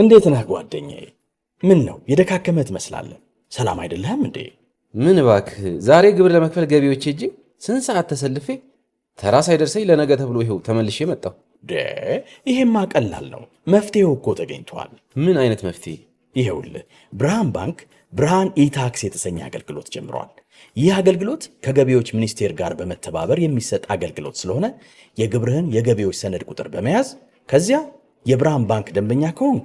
እንዴት ነህ ጓደኛዬ? ምን ነው የደካከመ ትመስላለህ። ሰላም አይደለህም እንዴ? ምን እባክህ፣ ዛሬ ግብር ለመክፈል ገቢዎች ሄጄ ስንት ሰዓት ተሰልፌ ተራ ሳይደርሰኝ ለነገ ተብሎ ይኸው ተመልሼ መጣሁ። ይሄማ ቀላል ነው፣ መፍትሄው እኮ ተገኝቷል። ምን አይነት መፍትሄ? ይኸውልህ ብርሃን ባንክ ብርሃን ኢታክስ የተሰኘ አገልግሎት ጀምሯል። ይህ አገልግሎት ከገቢዎች ሚኒስቴር ጋር በመተባበር የሚሰጥ አገልግሎት ስለሆነ የግብርህን የገቢዎች ሰነድ ቁጥር በመያዝ ከዚያ የብርሃን ባንክ ደንበኛ ከሆንክ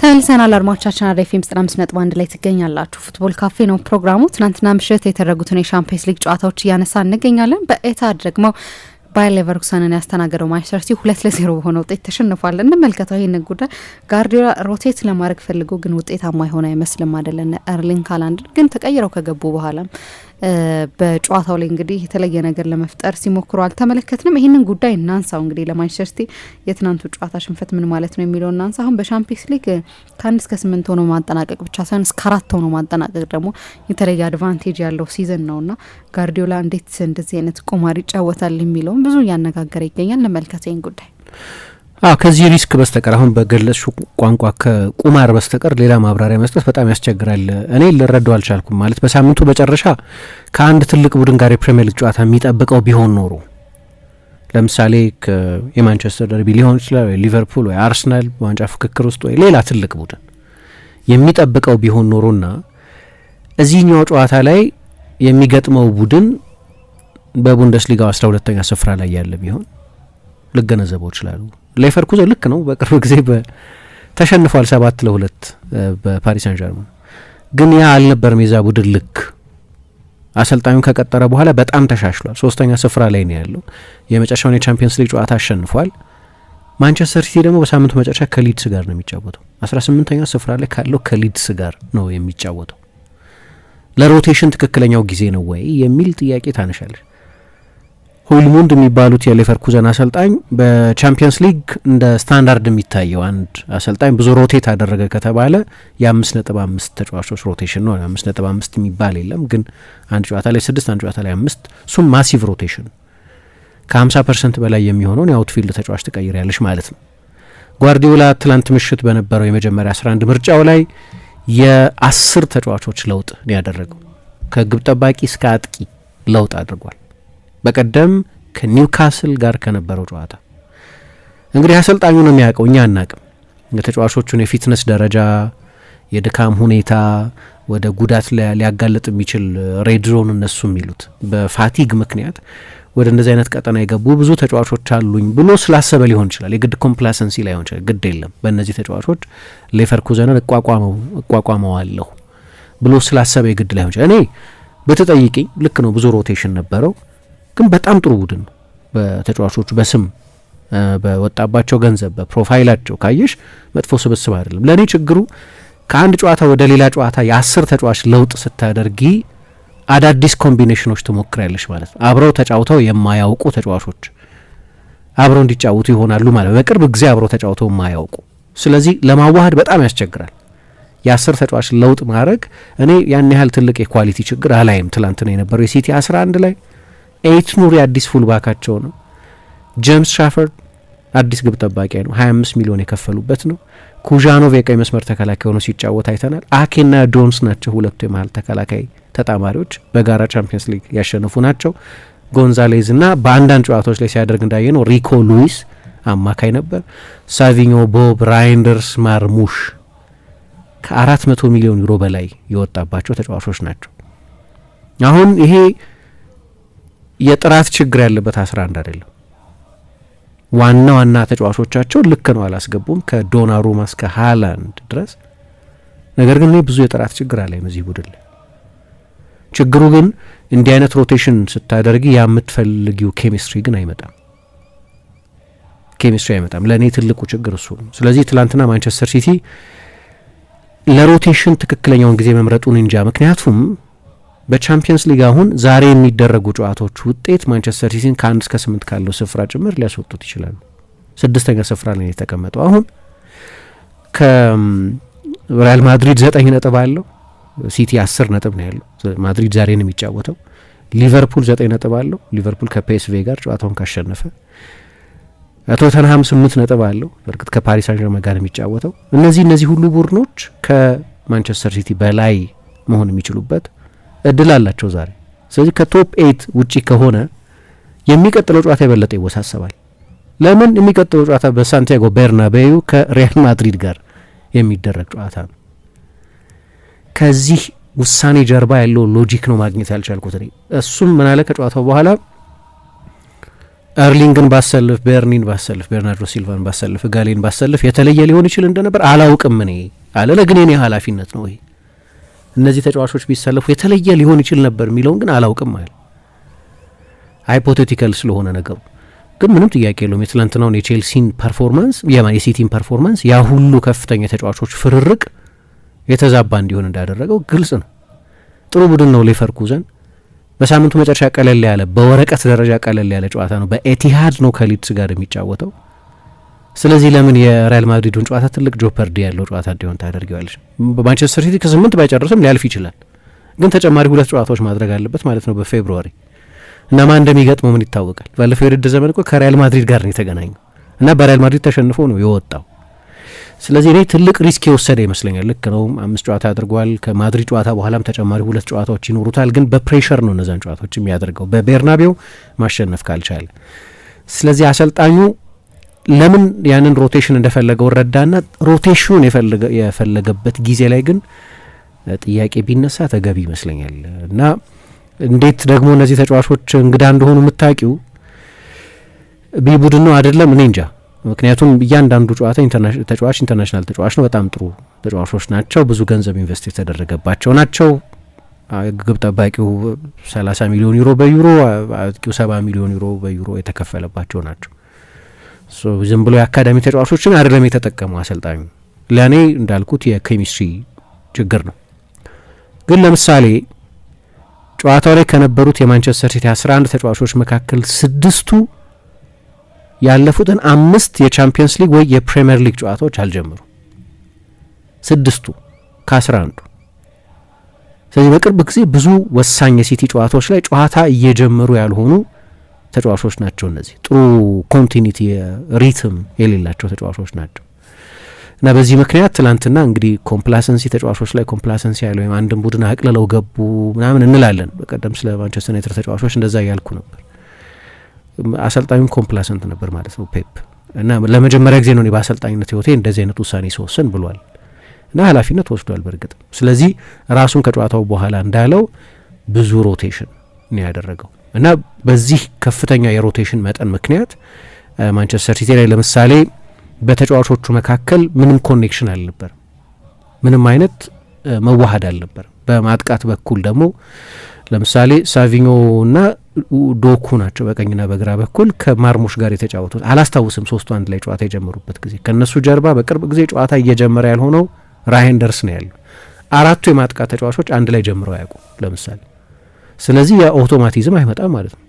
ተመልሰናል አድማጮቻችን አራዳ ኤፍኤም ዘጠና አምስት ነጥብ አንድ ላይ ትገኛላችሁ። ፉትቦል ካፌ ነው ፕሮግራሙ። ትናንትና ምሽት የተደረጉትን የሻምፒየንስ ሊግ ጨዋታዎች እያነሳ እንገኛለን። በኤታድ ደግሞ ባየር ሌቨርኩሰንን ያስተናገደው ማንቸስተር ሲቲ ሁለት ለዜሮ በሆነ ውጤት ተሸንፏል። እንመልከተው ይህን ጉዳይ። ጋርዲዮላ ሮቴት ለማድረግ ፈልጎ ግን ውጤታማ የሆነ አይመስልም አይደለን። ኤርሊንግ ሃላንድ ግን ተቀይረው ከገቡ በኋላም በጨዋታው ላይ እንግዲህ የተለየ ነገር ለመፍጠር ሲሞክሩ አልተመለከትንም። ይህንን ጉዳይ እናንሳው እንግዲህ ለማንቸስተር ሲቲ የትናንቱ ጨዋታ ሽንፈት ምን ማለት ነው የሚለው እናንሳ። አሁን በሻምፒየንስ ሊግ ከአንድ እስከ ስምንት ሆኖ ማጠናቀቅ ብቻ ሳይሆን እስከ አራት ሆኖ ማጠናቀቅ ደግሞ የተለየ አድቫንቴጅ ያለው ሲዝን ነውና ጋርዲዮላ እንዴት እንደዚህ አይነት ቁማር ይጫወታል የሚለውም ብዙ እያነጋገረ ይገኛል። እንመልከት ይህን ጉዳይ ከዚህ ሪስክ በስተቀር አሁን በገለጽ ቋንቋ ከቁማር በስተቀር ሌላ ማብራሪያ መስጠት በጣም ያስቸግራል። እኔ ልረዳው አልቻልኩም። ማለት በሳምንቱ መጨረሻ ከአንድ ትልቅ ቡድን ጋር የፕሪሚየር ሊግ ጨዋታ የሚጠብቀው ቢሆን ኖሮ ለምሳሌ የማንቸስተር ደርቢ ሊሆን ይችላል፣ ወይ ሊቨርፑል ወይ አርሰናል በዋንጫ ፍክክር ውስጥ ወይ ሌላ ትልቅ ቡድን የሚጠብቀው ቢሆን ኖሮና እዚህኛው ጨዋታ ላይ የሚገጥመው ቡድን በቡንደስሊጋው አስራ ሁለተኛ ስፍራ ላይ ያለ ቢሆን ልገነዘበው ይችላሉ። ሌቨርኩዘን ልክ ነው በቅርብ ጊዜ ተሸንፏል ሰባት ለሁለት በፓሪስ ሳን ዠርማን ግን ያ አልነበርም የዛ ቡድን ልክ አሰልጣኙን ከቀጠረ በኋላ በጣም ተሻሽሏል። ሶስተኛ ስፍራ ላይ ነው ያለው። የመጨረሻውን የቻምፒየንስ ሊግ ጨዋታ አሸንፏል። ማንቸስተር ሲቲ ደግሞ በሳምንቱ መጨረሻ ከሊድስ ጋር ነው የሚጫወተው። 18ኛ ስፍራ ላይ ካለው ከሊድስ ጋር ነው የሚጫወተው። ለሮቴሽን ትክክለኛው ጊዜ ነው ወይ የሚል ጥያቄ ታነሻለች። ሆይሉንድ የሚባሉት የሌቨርኩዘን አሰልጣኝ በቻምፒየንስ ሊግ እንደ ስታንዳርድ የሚታየው አንድ አሰልጣኝ ብዙ ሮቴት አደረገ ከተባለ የአምስት ነጥብ አምስት ተጫዋቾች ሮቴሽን ነው። አምስት ነጥብ አምስት የሚባል የለም ግን አንድ ጨዋታ ላይ ስድስት አንድ ጨዋታ ላይ አምስት እሱም ማሲቭ ሮቴሽን ከ ፐርሰንት በላይ የሚሆነውን የአውትፊልድ ተጫዋች ትቀይር ያለች ማለት ነው። ጓርዲዮላ ትላንት ምሽት በነበረው የመጀመሪያ አንድ ምርጫው ላይ የአስር ተጫዋቾች ለውጥ ያደረገው ከግብ ጠባቂ እስከ አጥቂ ለውጥ አድርጓል። በቀደም ከኒውካስል ጋር ከነበረው ጨዋታ እንግዲህ አሰልጣኙ ነው የሚያውቀው፣ እኛ አናቅም። የተጫዋቾቹን የፊትነስ ደረጃ፣ የድካም ሁኔታ ወደ ጉዳት ሊያጋለጥ የሚችል ሬድ ዞን እነሱ የሚሉት በፋቲግ ምክንያት ወደ እንደዚህ አይነት ቀጠና የገቡ ብዙ ተጫዋቾች አሉኝ ብሎ ስላሰበ ሊሆን ይችላል። የግድ ኮምፕላሰንሲ ላይሆን ይችላል። ግድ የለም በእነዚህ ተጫዋቾች ሌቨርኩዘንን እቋቋመዋለሁ ብሎ ስላሰበ የግድ ላይሆን ይችላል። እኔ ብትጠይቅኝ ልክ ነው። ብዙ ሮቴሽን ነበረው። ግን በጣም ጥሩ ቡድን ነው። በተጫዋቾቹ በስም በወጣባቸው ገንዘብ በፕሮፋይላቸው ካየሽ መጥፎ ስብስብ አይደለም። ለእኔ ችግሩ ከአንድ ጨዋታ ወደ ሌላ ጨዋታ የአስር ተጫዋች ለውጥ ስታደርጊ አዳዲስ ኮምቢኔሽኖች ትሞክሪያለሽ ማለት ነው። አብረው ተጫውተው የማያውቁ ተጫዋቾች አብረው እንዲጫወቱ ይሆናሉ ማለት በቅርብ ጊዜ አብረው ተጫውተው የማያውቁ ስለዚህ ለማዋሃድ በጣም ያስቸግራል። የአስር ተጫዋች ለውጥ ማድረግ እኔ ያን ያህል ትልቅ የኳሊቲ ችግር አላይም። ትላንትና የነበረው የሲቲ አንድ ላይ ኤይት ኑሪ አዲስ ፉልባካቸው ነው። ጄምስ ሻፈርድ አዲስ ግብ ጠባቂ ነው። 25 ሚሊዮን የከፈሉበት ነው። ኩዣኖቭ የቀኝ መስመር ተከላካይ ሆኖ ሲጫወት አይተናል። አኬና ዶንስ ናቸው ሁለቱ የመሀል ተከላካይ ተጣማሪዎች። በጋራ ቻምፒየንስ ሊግ ያሸነፉ ናቸው። ጎንዛሌዝ እና በአንዳንድ ጨዋታዎች ላይ ሲያደርግ እንዳየ ነው ሪኮ ሉዊስ አማካይ ነበር። ሳቪኞ ቦብ፣ ራይንደርስ፣ ማርሙሽ ከአራት መቶ ሚሊዮን ዩሮ በላይ የወጣባቸው ተጫዋቾች ናቸው። አሁን ይሄ የጥራት ችግር ያለበት አስራ አንድ አይደለም። ዋና ዋና ተጫዋቾቻቸው ልክ ነው አላስገቡም፣ ከዶናሩማ እስከ ሃላንድ ድረስ። ነገር ግን ብዙ የጥራት ችግር አለ በዚህ ቡድን ላይ። ችግሩ ግን እንዲህ አይነት ሮቴሽን ስታደርጊ ያ የምትፈልጊው ኬሚስትሪ ግን አይመጣም፣ ኬሚስትሪ አይመጣም። ለእኔ ትልቁ ችግር እሱ ነው። ስለዚህ ትላንትና ማንቸስተር ሲቲ ለሮቴሽን ትክክለኛውን ጊዜ መምረጡን እንጃ ምክንያቱም በቻምፒየንስ ሊግ አሁን ዛሬ የሚደረጉ ጨዋታዎች ውጤት ማንቸስተር ሲቲን ከአንድ እስከ ስምንት ካለው ስፍራ ጭምር ሊያስወጡት ይችላሉ። ስድስተኛ ስፍራ ላይ የተቀመጠው አሁን ከሪያል ማድሪድ ዘጠኝ ነጥብ አለው። ሲቲ አስር ነጥብ ነው ያለው። ማድሪድ ዛሬ ነው የሚጫወተው። ሊቨርፑል ዘጠኝ ነጥብ አለው። ሊቨርፑል ከፔስቬ ጋር ጨዋታውን ካሸነፈ ቶተንሃም ስምንት ነጥብ አለው። በእርግጥ ከፓሪስ አንጀርማ ጋር የሚጫወተው እነዚህ እነዚህ ሁሉ ቡድኖች ከማንቸስተር ሲቲ በላይ መሆን የሚችሉበት እድል አላቸው ዛሬ። ስለዚህ ከቶፕ ኤት ውጪ ከሆነ የሚቀጥለው ጨዋታ የበለጠ ይወሳሰባል። ለምን? የሚቀጥለው ጨዋታ በሳንቲያጎ በርናቤዩ ከሪያል ማድሪድ ጋር የሚደረግ ጨዋታ ነው። ከዚህ ውሳኔ ጀርባ ያለው ሎጂክ ነው ማግኘት ያልቻልኩት እኔ። እሱም ምናለ ከጨዋታው በኋላ ኤርሊንግን ባሰልፍ፣ ቤርኒን ባሰልፍ፣ በርናርዶ ሲልቫን ባሰልፍ፣ ጋሌን ባሰልፍ የተለየ ሊሆን ይችል እንደነበር አላውቅም እኔ አለ። ለግን የኔ ኃላፊነት ነው ይሄ እነዚህ ተጫዋቾች ቢሰለፉ የተለየ ሊሆን ይችል ነበር የሚለውን ግን አላውቅም አለ። ሃይፖቴቲካል ስለሆነ ነገሩ ግን ምንም ጥያቄ የለውም። የትላንትናውን የቼልሲን ፐርፎርማንስ የሲቲን ፐርፎርማንስ ያ ሁሉ ከፍተኛ ተጫዋቾች ፍርርቅ የተዛባ እንዲሆን እንዳደረገው ግልጽ ነው። ጥሩ ቡድን ነው ሌቨርኩዘን። በሳምንቱ መጨረሻ ቀለል ያለ በወረቀት ደረጃ ቀለል ያለ ጨዋታ ነው። በኤቲሃድ ነው ከሊድስ ጋር የሚጫወተው። ስለዚህ ለምን የሪያል ማድሪዱን ጨዋታ ትልቅ ጆፐርዲ ያለው ጨዋታ እንዲሆን ታደርገዋለች። ማንቸስተር ሲቲ ከስምንት ባይጨርስም ሊያልፍ ይችላል፣ ግን ተጨማሪ ሁለት ጨዋታዎች ማድረግ አለበት ማለት ነው በፌብሩዋሪ እና ማን እንደሚገጥመው ምን ይታወቃል። ባለፈው የውድድር ዘመን እኮ ከሪያል ማድሪድ ጋር ነው የተገናኘው እና በሪያል ማድሪድ ተሸንፎ ነው የወጣው። ስለዚህ እኔ ትልቅ ሪስክ የወሰደ ይመስለኛል። ልክ ነው፣ አምስት ጨዋታ አድርጓል። ከማድሪድ ጨዋታ በኋላም ተጨማሪ ሁለት ጨዋታዎች ይኖሩታል፣ ግን በፕሬሸር ነው እነዛን ጨዋታዎች የሚያደርገው በቤርናቤው ማሸነፍ ካልቻለ። ስለዚህ አሰልጣኙ ለምን ያንን ሮቴሽን እንደፈለገው ረዳና ሮቴሽኑን የፈለገበት ጊዜ ላይ ግን ጥያቄ ቢነሳ ተገቢ ይመስለኛል እና እንዴት ደግሞ እነዚህ ተጫዋቾች እንግዳ እንደሆኑ የምታውቂው ቢ ቡድን ነው አይደለም? እኔ እንጃ። ምክንያቱም እያንዳንዱ ጨዋታ ተጫዋች ኢንተርናሽናል ተጫዋች ነው። በጣም ጥሩ ተጫዋቾች ናቸው። ብዙ ገንዘብ ኢንቨስት የተደረገባቸው ናቸው። ግብ ጠባቂው 30 ሚሊዮን ዩሮ በዩሮ አጥቂው 70 ሚሊዮን ዩሮ በዩሮ የተከፈለባቸው ናቸው። ዝም ብሎ የአካዳሚ ተጫዋቾችን አይደለም የተጠቀሙ አሰልጣኙ። ለእኔ እንዳልኩት የኬሚስትሪ ችግር ነው። ግን ለምሳሌ ጨዋታው ላይ ከነበሩት የማንቸስተር ሲቲ 11 ተጫዋቾች መካከል ስድስቱ ያለፉትን አምስት የቻምፒየንስ ሊግ ወይ የፕሪምየር ሊግ ጨዋታዎች አልጀምሩ። ስድስቱ ከ11 ስለዚህ በቅርብ ጊዜ ብዙ ወሳኝ የሲቲ ጨዋታዎች ላይ ጨዋታ እየጀመሩ ያልሆኑ ተጫዋቾች ናቸው። እነዚህ ጥሩ ኮንቲኒቲ ሪትም የሌላቸው ተጫዋቾች ናቸው እና በዚህ ምክንያት ትናንትና እንግዲህ ኮምፕላሰንሲ ተጫዋቾች ላይ ኮምፕላሰንሲ ያለ ወይም አንድን ቡድን አቅልለው ገቡ ምናምን እንላለን። በቀደም ስለ ማንቸስተር ዩናይትድ ተጫዋቾች እንደዛ እያልኩ ነበር። አሰልጣኙም ኮምፕላሰንት ነበር ማለት ነው ፔፕ እና ለመጀመሪያ ጊዜ ነው እኔ በአሰልጣኝነት ህይወቴ እንደዚህ አይነት ውሳኔ ሲወስን ብሏል እና ኃላፊነት ወስዷል በእርግጥ። ስለዚህ ራሱን ከጨዋታው በኋላ እንዳለው ብዙ ሮቴሽን ነው ያደረገው። እና በዚህ ከፍተኛ የሮቴሽን መጠን ምክንያት ማንቸስተር ሲቲ ላይ ለምሳሌ በተጫዋቾቹ መካከል ምንም ኮኔክሽን አልነበር፣ ምንም አይነት መዋሃድ አልነበር። በማጥቃት በኩል ደግሞ ለምሳሌ ሳቪኞ እና ዶኩ ናቸው በቀኝና በግራ በኩል ከማርሞሽ ጋር የተጫወቱት። አላስታውስም ሶስቱ አንድ ላይ ጨዋታ የጀመሩበት ጊዜ። ከእነሱ ጀርባ በቅርብ ጊዜ ጨዋታ እየጀመረ ያልሆነው ራይንደርስ ነው ያሉ። አራቱ የማጥቃት ተጫዋቾች አንድ ላይ ጀምረው አያውቁ ለምሳሌ ስለዚህ የአውቶማቲዝም አይመጣም ማለት ነው።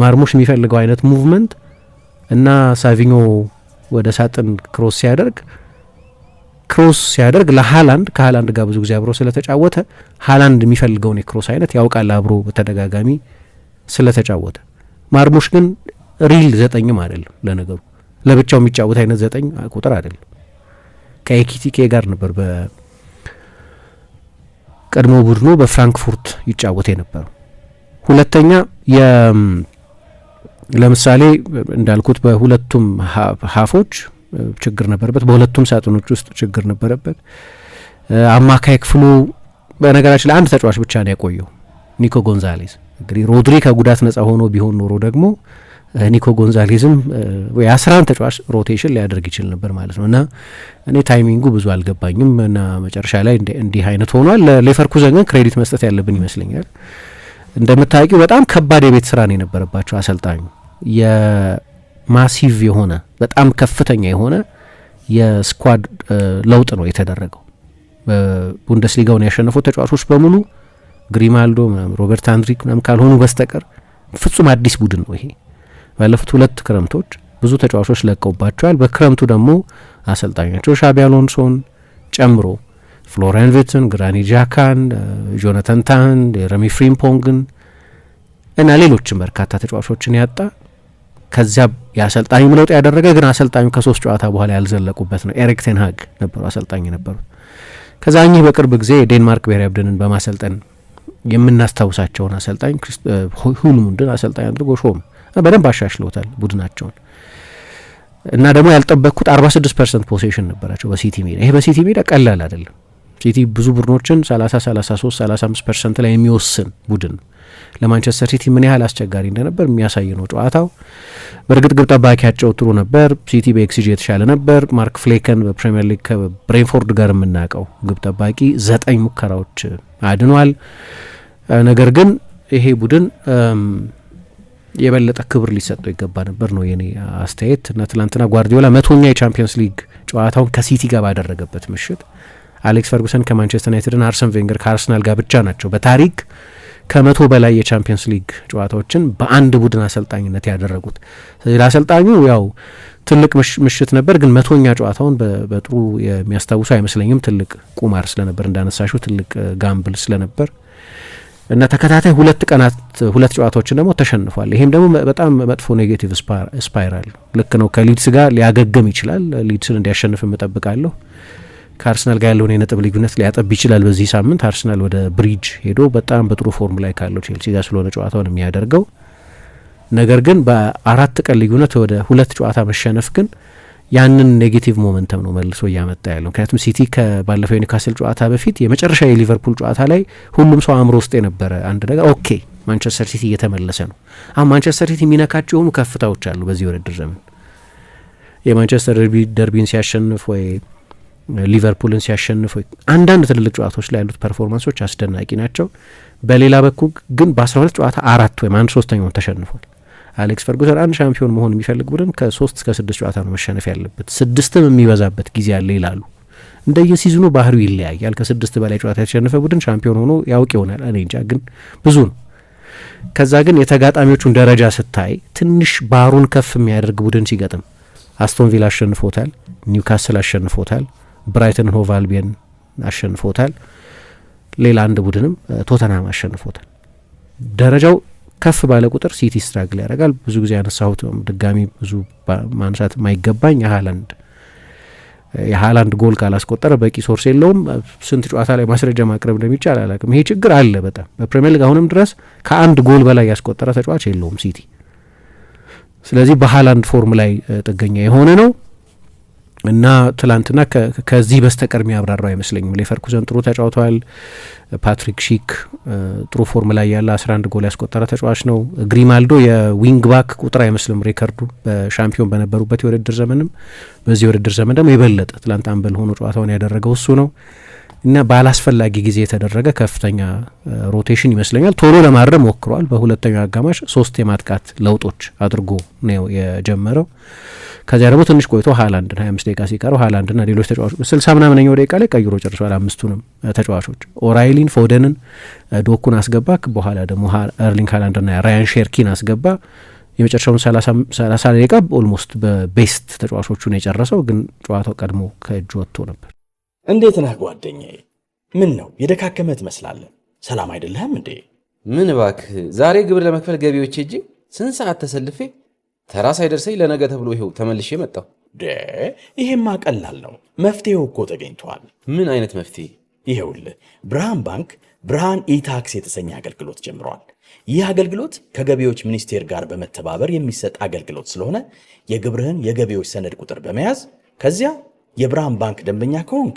ማርሙሽ የሚፈልገው አይነት ሙቭመንት እና ሳቪኞ ወደ ሳጥን ክሮስ ሲያደርግ ክሮስ ሲያደርግ ለሃላንድ ከሃላንድ ጋር ብዙ ጊዜ አብሮ ስለተጫወተ ሃላንድ የሚፈልገውን የክሮስ አይነት ያውቃል አብሮ በተደጋጋሚ ስለተጫወተ። ማርሙሽ ግን ሪል ዘጠኝም አይደለም ለነገሩ ለብቻው የሚጫወት አይነት ዘጠኝ ቁጥር አይደለም። ከኤኪቲኬ ጋር ነበር ቀድሞ ቡድኑ በፍራንክፉርት ይጫወት የነበረው። ሁለተኛ ለምሳሌ እንዳልኩት በሁለቱም ሀፎች ችግር ነበረበት፣ በሁለቱም ሳጥኖች ውስጥ ችግር ነበረበት። አማካይ ክፍሉ በነገራችን ለአንድ ተጫዋች ብቻ ነው የቆየው፣ ኒኮ ጎንዛሌስ። እንግዲህ ሮድሪ ከጉዳት ነጻ ሆኖ ቢሆን ኖሮ ደግሞ ኒኮ ጎንዛሌዝም የአስራ አንድ ተጫዋች ሮቴሽን ሊያደርግ ይችል ነበር ማለት ነው። እና እኔ ታይሚንጉ ብዙ አልገባኝም እና መጨረሻ ላይ እንዲህ አይነት ሆኗል። ለሌቨርኩዘን ግን ክሬዲት መስጠት ያለብን ይመስለኛል። እንደምታውቂው በጣም ከባድ የቤት ስራ ነው የነበረባቸው። አሰልጣኙ የማሲቭ የሆነ በጣም ከፍተኛ የሆነ የስኳድ ለውጥ ነው የተደረገው። ቡንደስሊጋውን ያሸነፉት ተጫዋቾች በሙሉ ግሪማልዶ፣ ሮበርት አንድሪክ ምናምን ካልሆኑ በስተቀር ፍጹም አዲስ ቡድን ነው ይሄ ባለፉት ሁለት ክረምቶች ብዙ ተጫዋቾች ለቀውባቸዋል። በክረምቱ ደግሞ አሰልጣኛቸው ሻቢ አሎንሶን ጨምሮ ፍሎሪያን ቪርትስን፣ ግራኒ ጃካን፣ ጆናታን ታህን፣ ረሚ ፍሪምፖንግን እና ሌሎችም በርካታ ተጫዋቾችን ያጣ ከዚያ የአሰልጣኙም ለውጥ ያደረገ ግን አሰልጣኙ ከሶስት ጨዋታ በኋላ ያልዘለቁበት ነው። ኤሪክ ቴንሃግ ነበሩ አሰልጣኝ የነበሩት። ከዛ እኚህ በቅርብ ጊዜ የዴንማርክ ብሔራዊ ቡድንን በማሰልጠን የምናስታውሳቸውን አሰልጣኝ ሁልሙንድን አሰልጣኝ አድርጎ ሾም። በደንብ አሻሽሎታል ቡድናቸውን እና ደግሞ ያልጠበቅኩት 46 ፐርሰንት ፖሴሽን ነበራቸው በሲቲ ሜዳ። ይሄ በሲቲ ሜዳ ቀላል አይደለም። ሲቲ ብዙ ቡድኖችን ሶስት ሰላሳ አምስት ፐርሰንት ላይ የሚወስን ቡድን ለማንቸስተር ሲቲ ምን ያህል አስቸጋሪ እንደነበር የሚያሳይ ነው ጨዋታው። በእርግጥ ግብ ጠባቂያቸው ጥሩ ነበር። ሲቲ በኤክሲጂ የተሻለ ነበር። ማርክ ፍሌከን በፕሪምየር ሊግ ከብሬንፎርድ ጋር የምናውቀው ግብ ጠባቂ ዘጠኝ ሙከራዎች አድኗል። ነገር ግን ይሄ ቡድን የበለጠ ክብር ሊሰጠው ይገባ ነበር ነው የኔ አስተያየት። እና ትላንትና ጓርዲዮላ መቶኛ የቻምፒየንስ ሊግ ጨዋታውን ከሲቲ ጋር ባደረገበት ምሽት አሌክስ ፈርጉሰን ከማንቸስተር ዩናይትድን አርሰን ቬንገር ከአርሰናል ጋር ብቻ ናቸው በታሪክ ከመቶ በላይ የቻምፒየንስ ሊግ ጨዋታዎችን በአንድ ቡድን አሰልጣኝነት ያደረጉት። ስለዚህ ለአሰልጣኙ ያው ትልቅ ምሽት ነበር፣ ግን መቶኛ ጨዋታውን በጥሩ የሚያስታውሱ አይመስለኝም። ትልቅ ቁማር ስለነበር እንዳነሳሹ፣ ትልቅ ጋምብል ስለነበር እና ተከታታይ ሁለት ቀናት ሁለት ጨዋታዎችን ደግሞ ተሸንፏል። ይሄም ደግሞ በጣም መጥፎ ኔጌቲቭ ስፓይራል ልክ ነው። ከሊድስ ጋር ሊያገገም ይችላል። ሊድስን እንዲያሸንፍ እጠብቃለሁ። ከአርሰናል ጋር ያለውን የነጥብ ልዩነት ሊያጠብ ይችላል። በዚህ ሳምንት አርሰናል ወደ ብሪጅ ሄዶ በጣም በጥሩ ፎርም ላይ ካለው ቼልሲ ጋር ስለሆነ ጨዋታውን የሚያደርገው ነገር ግን በአራት ቀን ልዩነት ወደ ሁለት ጨዋታ መሸነፍ ግን ያንን ኔጌቲቭ ሞመንተም ነው መልሶ እያመጣ ያለው። ምክንያቱም ሲቲ ከባለፈው የኒካስል ጨዋታ በፊት የመጨረሻ የሊቨርፑል ጨዋታ ላይ ሁሉም ሰው አእምሮ ውስጥ የነበረ አንድ ነገር ኦኬ፣ ማንቸስተር ሲቲ እየተመለሰ ነው። አሁን ማንቸስተር ሲቲ የሚነካቸው የሆኑ ከፍታዎች አሉ። በዚህ ውድድር ዘመን የማንቸስተር ደርቢን ሲያሸንፍ ወይ ሊቨርፑልን ሲያሸንፍ ወይ አንዳንድ ትልልቅ ጨዋታዎች ላይ ያሉት ፐርፎርማንሶች አስደናቂ ናቸው። በሌላ በኩል ግን በ12 ጨዋታ አራት ወይም አንድ ሶስተኛውን ተሸንፏል። አሌክስ ፈርጉሰን አንድ ሻምፒዮን መሆን የሚፈልግ ቡድን ከሶስት እስከ ስድስት ጨዋታ ነው መሸነፍ ያለበት፣ ስድስትም የሚበዛበት ጊዜ አለ ይላሉ። የሲዝኑ ባህሪው ይለያያል። ከስድስት በላይ ጨዋታ የተሸነፈ ቡድን ሻምፒዮን ሆኖ ያውቅ ይሆናል። እኔ እንጃ፣ ግን ብዙ ነው። ከዛ ግን የተጋጣሚዎቹን ደረጃ ስታይ ትንሽ ባሩን ከፍ የሚያደርግ ቡድን ሲገጥም አስቶን ቪላ አሸንፎታል፣ ኒውካስል አሸንፎታል፣ ብራይተን ሆቭ አልቢየን አሸንፎታል፣ ሌላ አንድ ቡድንም ቶተናም አሸንፎታል። ደረጃው ከፍ ባለ ቁጥር ሲቲ ስትራግል ያደርጋል። ብዙ ጊዜ ያነሳሁት ድጋሚ ብዙ ማንሳት የማይገባኝ የሀላንድ የሀላንድ ጎል ካላስቆጠረ በቂ ሶርስ የለውም። ስንት ጨዋታ ላይ ማስረጃ ማቅረብ እንደሚቻል አላውቅም። ይሄ ችግር አለ በጣም በፕሪሚየር ሊግ አሁንም ድረስ ከአንድ ጎል በላይ ያስቆጠረ ተጫዋች የለውም ሲቲ። ስለዚህ በሀላንድ ፎርም ላይ ጥገኛ የሆነ ነው። እና ትላንትና ከዚህ በስተቀር የሚያብራራው አይመስለኝም። ሌቨርኩዘን ጥሩ ተጫውተዋል። ፓትሪክ ሺክ ጥሩ ፎርም ላይ ያለ አንድ ጎል ያስቆጠረ ተጫዋች ነው። ግሪማልዶ የዊንግ ባክ ቁጥር አይመስልም ሬከርዱ በሻምፒዮን በነበሩበት የውድድር ዘመንም በዚህ የውድድር ዘመን ደግሞ የበለጠ ትላንት አንበል ሆኖ ጨዋታውን ያደረገው እሱ ነው። እና ባላስፈላጊ ጊዜ የተደረገ ከፍተኛ ሮቴሽን ይመስለኛል። ቶሎ ለማረም ሞክሯል። በሁለተኛው አጋማሽ ሶስት የማጥቃት ለውጦች አድርጎ ነው የጀመረው። ከዚያ ደግሞ ትንሽ ቆይቶ ሃላንድን ሀያ አምስት ደቂቃ ሲቀረው ሃላንድና ሌሎች ተጫዋቾች ስልሳ ምናምነኛው ደቂቃ ላይ ቀይሮ ጨርሷል። አምስቱንም ተጫዋቾች ኦራይሊን፣ ፎደንን፣ ዶኩን አስገባ። በኋላ ደግሞ ኤርሊንግ ሃላንድና ራያን ሼርኪን አስገባ። የመጨረሻውን ሰላሳ ደቂቃ ኦልሞስት በቤስት ተጫዋቾቹን የጨረሰው ግን ጨዋታው ቀድሞ ከእጅ ወጥቶ ነበር። እንዴት ነህ ጓደኛዬ? ምን ነው የደካከመህ ትመስላለህ። ሰላም አይደለህም እንዴ? ምን እባክህ፣ ዛሬ ግብር ለመክፈል ገቢዎች ሄጄ ስንት ሰዓት ተሰልፌ ተራ ሳይደርሰኝ ለነገ ተብሎ ይኸው ተመልሼ መጣሁ። ይሄማ ቀላል ነው፣ መፍትሄው እኮ ተገኝቷል። ምን አይነት መፍትሄ? ይኸውልህ ብርሃን ባንክ ብርሃን ኢታክስ የተሰኘ አገልግሎት ጀምሯል። ይህ አገልግሎት ከገቢዎች ሚኒስቴር ጋር በመተባበር የሚሰጥ አገልግሎት ስለሆነ የግብርህን የገቢዎች ሰነድ ቁጥር በመያዝ ከዚያ የብርሃን ባንክ ደንበኛ ከሆንክ